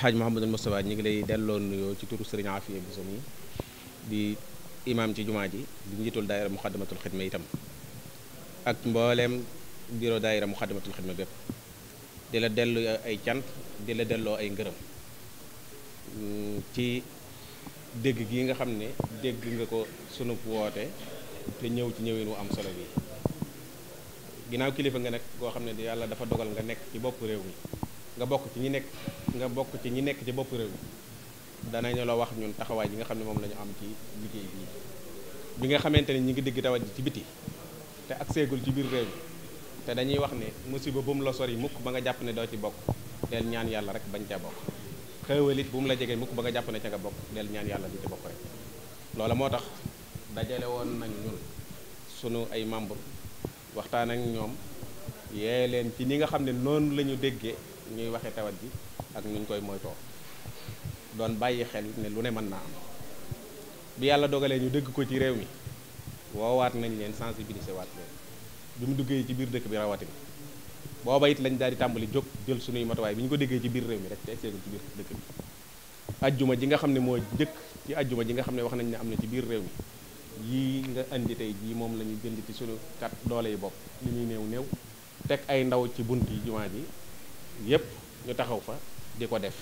alxaaj Mouhamadul Moustapha ñi ngi lay delloo nuyoo ci turu sëriñ Afia Bousso mi di imaam ci jumaa ji di njiitul daayira muxaddamatul xidma itam ak mbooleem bureau daayira muxaddamatul xidma bépp di la dellu ay cant di delloo ay ngërëm ci dégg gi nga xam ne dégg nga ko sunu woote te ñëw ci ñëwin wu am solo bi ginnaaw kilifa nga nag goo xam ne yàlla dafa dogal nga nekk ci bopp réew mi nga bokk ci ñi nekk nga bokk ci ñi nekk ci bopp réew danañu la wax ñun taxawaay yi nga xam ne moom lañu am ci liggéey bii bi nga xamante ni ñu ngi digg tawat ji ci biti te ak ci biir réew mi te dañuy wax ne musiba bu mu la sori mukk ba nga jàpp ne doo ci bokk del ñaan yàlla rek bañ ca bokk xéewal it bu mu la jege mukk ba nga jàpp ne ca nga bokk del ñaan yàlla di ci bokk rek loola moo tax dajale woon nañ ñun sunu ay membre waxtaan ak ñoom yee leen ni nga xam ne noonu la ñu ñuy waxee tawat ji ak ñu koy moytoo doon bàyyi xel ne lu ne mën naa am bi yàlla dogalee ñu dégg ko ci réew mi woowaat nañ leen sensibiliser waat leen bi mu duggee ci biir dëkk bi rawatina booba it lañ daal di tàmbali jóg jël suñuy matuwaay bi ñu ko déggee ci biir réew mi rek te egseegul ci biir dëkk bi ajjuma ji nga xam ne moo njëkk ci ajjuma ji nga xam ne wax nañ ne am na ci biir réew mi yii nga indi tey jii moom lañuy jënd ci suñu kat doole yi bopp li ñuy néew néew teg ay ndaw ci bunt yi jumaa ji yépp ñu taxaw fa di ko def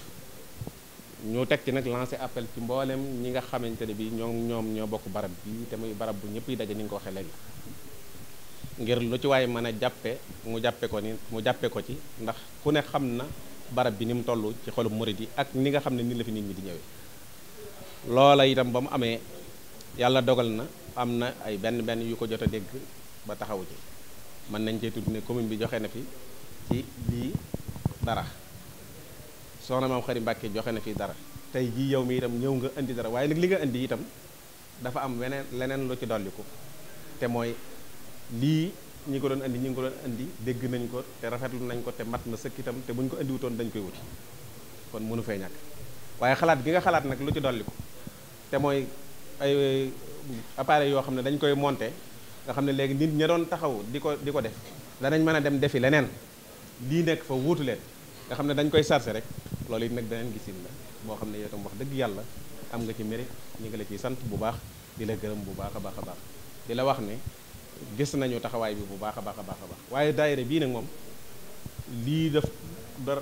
ñu teg ci nag lancé appel ci mboolem ñi nga xamante ne bi ñoom ñoom ñoo bokk barab bi te muy barab bu ñëpp yi daje ni nga ko waxee léegi ngir lu mën a jàppe mu jàppe ni mu jàppe ko ci ndax ku ne xam na barab bi ni mu toll ci xolum murid yi ak ni xam ne ni la fi nit mi di ñëwee loola itam ba mu amee yàlla dogal na am na ay benn benn yu ko jot a dégg ba taxawu ci mën nañ cee tudd ne commune bi joxe na fi ci lii dara soo soxna maam xari Mbàkke joxe na fii dara tey jii yow mi itam ñëw nga indi dara waaye nag li nga indi itam dafa am weneen leneen lu ci dolliku te mooy lii ñi ko doon indi ñi ko doon indi dégg nañ ko te rafetlu nañ ko te mat na sëkk te buñ ko indiwutoon dañ koy wuti kon mënu fee ñàkk waaye xalaat gi nga xalaat nag lu ci dolliku te mooy ay appareil yoo xam ne dañ koy monté nga xam ne léegi nit ña doon taxaw di ko di ko def danañ mën a dem defi leneen lii nekk fa wuutu leen nga xam ne dañ koy chargé rek loolu it nag beneen gisin la boo xam ne yow tam wax dëgg yàlla am nga ci mérite ñu ngi la ciy sant bu baax di la gërëm bu baax a baax a baax di la wax ne gis nañu taxawaay bi bu baax a baax a baax a baax waaye daayira bii nag moom lii def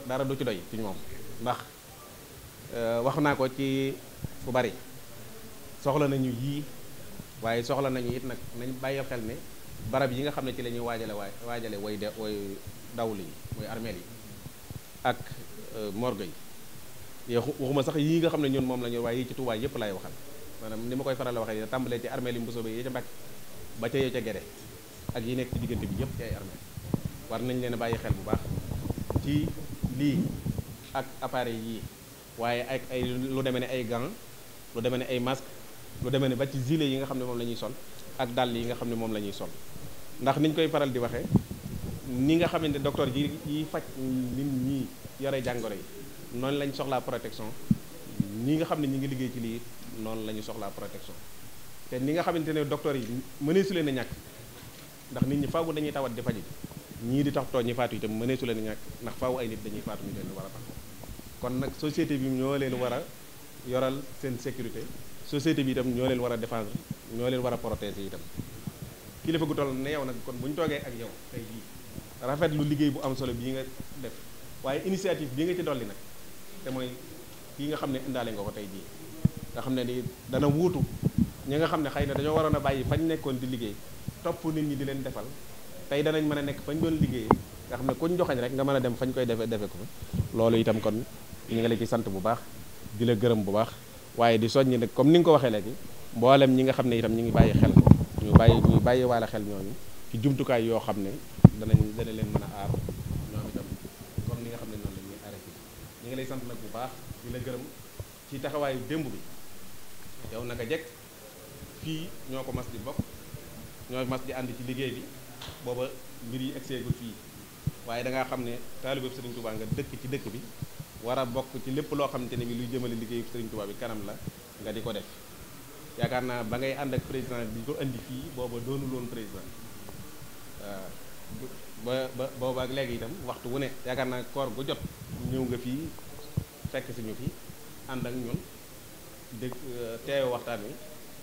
dara du ci doy ci moom ndax euh, wax naa ko ci fu bari soxla nañu yii waaye soxla nañu it nag nañ bàyyi xel ne barab yi nga xam ne ci lañuy waajale waay waajale way de way dawli muy armeel yi ak euh, morgue yi yow waxuma sax yii nga xam ne ñun moom la ñu waaye yi ci Tuubaa yëpp laay waxal maanaam ni ma koy faral a waxee tàmbalee ci armée li Mbusoo ba yi ba ca yow ca Gede ak yi nekk ci diggante bi yëpp ci ay nañ leen a bàyyi xel bu baax ci lii ak appareil yii waaye ak ay lu demee ne ay gants lu demee ay masque lu demee ne ba ci gilet yi nga xam ne moom la ñuy sol ak dàll yi nga xam ne moom la ñuy sol ndax niñ koy faral di waxee ni nga xamante docteur yi yi faj nit ñi yore jàngoro yi noonu lañ soxlaa protection ñi nga xam ne ñi ngi liggéey ci lii noonu la ñu soxlaa protection te ni nga xamante ne docteur yi mëneesu leen a ñàkk ndax nit ñi faaw dañuy tawat di faj ñii di tax too ñi faatu itam mëneesu leen a ñàkk ndax faw ay nit dañuy faatu ñu leen war tax kon nag société bi ñoo leen war a yoral seen sécurité société bi itam ñoo leen war a défendre ñoo leen war a protéger itam kilifa gu toll ne yow nag kon bu ñu toogee ak yow jii rafet lu liggéey bu am solo bii nga def waaye initiative bii nga ci dolli nag te mooy kii nga xam ne indaale nga ko tey jii nga xam ne ni dana wuutu ñi nga xam ne xëy na dañoo waroon a bàyyi fañ nekkoon di liggéey topp nit ñi di leen defal tey danañ mën a nekk fañ doon liggéeyee nga xam ne kuñ joxañ rek nga mën a dem fañ koy defe defe ko fa loolu itam kon ñu ngi la ci sant bu baax di la gërëm bu baax waaye di soññi ne comme ni nga ko waxee léegi mboolem ñi nga xam ne itam ñu ngi bàyyi xel ñu bàyyi ñu bàyyi xel ñooñu ci jumtukaay yoo xam ne danañ dana leen mën a aar ñoom itam comme ni nga xam ne noonu la ñuy arrêté ñu ngi lay sant nag bu baax di la gërëm ci taxawaayu démb bi yow naka jekk fii ñoo ko mas di bokk ñoo mas di ànd ci liggéey bi booba mbir yi egseegul fii waaye da ngaa xam ne taalibeeb Sëriñ Tuubaa nga dëkk ci dëkk bi war a bokk ci lépp loo xamante ne bi lu jëmale liggéeyub Sëriñ Tuubaa bi kanam la nga di ko def yaakaar naa ba ngay ànd ak président bi ko indi fii booba doonul woon président waaw ba ba booba ak itam waxtu wu ne yaakaar naa koor gu jot ñëw nga fii fekk si ñu fi ànd ak ñun dégg euh, teewe waxtaan wi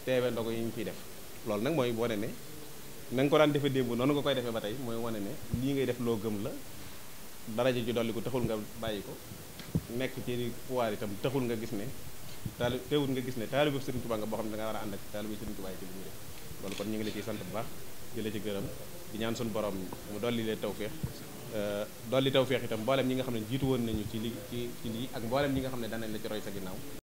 teewe ndogo yi ñu fi def loolu nag mooy wane ne na ko daan defee démb noonu nga koy defee ba tey mooy wane ne lii ngay def loo gëm la daraja ju dolli ko taxul nga bàyyi ko nekk ci pouvoir itam taxul nga gis ne taali teewul nga gis ne taalibu Sëriñ Tuubaa nga boo xam ne da war a ànd ak taalibu Sëriñ Tuubaa ci li ñu def kon ñu ngi la ciy sant bu baax di la ci gërëm di ñaan suñu borom mu dolli leen tawféex dolli tawféex itam mboolem ñi nga xam ne jiitu woon nañu ci li ci ci lii ak mboolem ñi nga xam ne danañ la ci roy sa ginnaaw